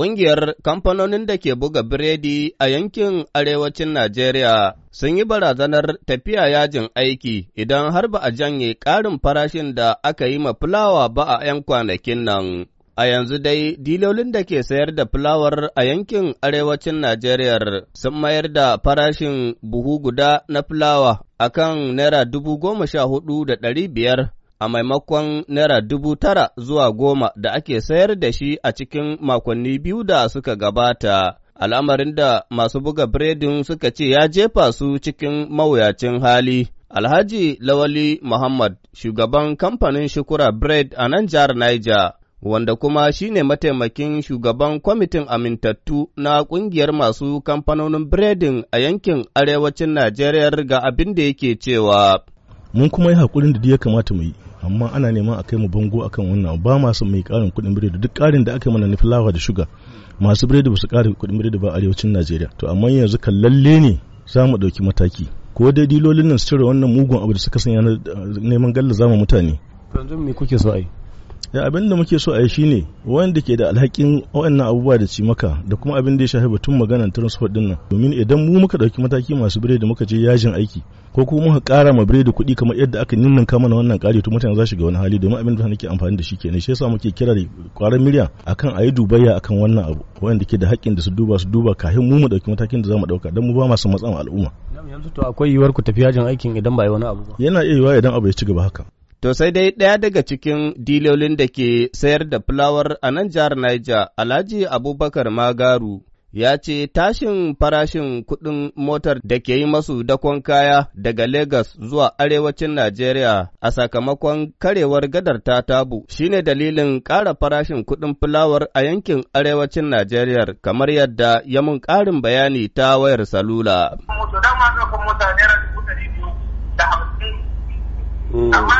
Ƙungiyar kamfanonin da ke buga biredi a yankin arewacin Najeriya sun yi barazanar tafiya yajin aiki idan har ba a janye ƙarin farashin da aka yi ma fulawa ba a 'yan kwanakin nan. A yanzu dai dilolin da ke sayar da fulawar a yankin arewacin Najeriya sun mayar da farashin buhu guda na fulawa akan naira dubu goma sha hudu da ɗari biyar a maimakon Naira dubu tara zuwa goma da ake sayar da shi a cikin makonni biyu da suka gabata. Al'amarin da masu buga biredin suka ce ya jefa su cikin mawuyacin hali. Alhaji Lawali Muhammad, shugaban kamfanin Shukura Bread a nan jihar Niger, wanda kuma shi ne mataimakin shugaban kwamitin amintattu na ƙungiyar masu kamfanonin biredin a yankin arewacin Najeriya ga abin da yake cewa. Mun kuma yi haƙurin da ya kamata mu yi. amma ana neman a kai mu bango akan wannan ba masu mai karin kuɗin biredi duk karin da aka mana na fulawa da shuga masu biredi ba su ƙara kuɗin biredi ba arewacin Najeriya to amma yanzu kan lalle ne za mu ɗauki mataki ko dai dilolin nan su cire wannan mugun abu da suka sanya neman galla zama mutane yanzu me kuke so a yi ya abin da muke so a yi ne wanda ke da alhakin wa'annan abubuwa da ci maka da kuma abin da ya shafi batun maganar transport din nan domin idan mu muka dauki mataki masu biredi muka je yajin aiki ko kuma muka kara ma biredi kuɗi kamar yadda aka ninnin kama na wannan kare to mutane za shiga wani hali domin abin da nake amfani da shi ke ne shi yasa muke kira da kwaran miliyan akan a yi dubayya akan wannan abu wanda ke da haƙƙin da su duba su duba kafin mu mu dauki matakin da za mu dauka don mu ba masu matsan al'umma yanzu to akwai yiwuwar ku tafi yajin aikin idan ba yi wani abu ba yana iya yiwuwa idan abu ya ci gaba haka To sai dai ɗaya daga cikin dilolin da ke sayar da fulawar a nan jihar Niger, Alhaji Abubakar Magaru, ya ce tashin farashin kuɗin motar da ke yi masu dakon kaya daga Legas zuwa arewacin Najeriya a sakamakon karewar gadar ta tabu shine dalilin ƙara farashin kuɗin fulawar a yankin arewacin Najeriya kamar yadda ya mun ƙarin bayani ta wayar salula. Mm. Amma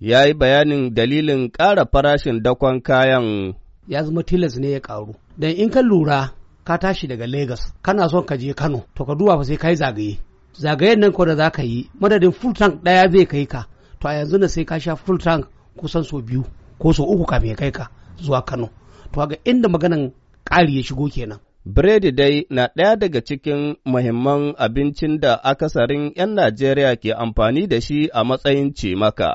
ya yi bayanin dalilin ƙara farashin dakon kayan. Ya zama tilas ne ya ƙaru. Dan in ka lura ka tashi daga Legas kana son ka je Kano to ka duba fa sai kai zagaye. Zagayen nan ko da za ka yi madadin full tank ɗaya zai kai ka to a yanzu na sai ka sha full tank kusan sau biyu ko sau uku kafin ya kai ka zuwa Kano. To ga inda maganan ƙari ya shigo kenan. Biredi dai na ɗaya daga cikin muhimman abincin da akasarin 'yan Najeriya ke amfani da shi a matsayin cimaka.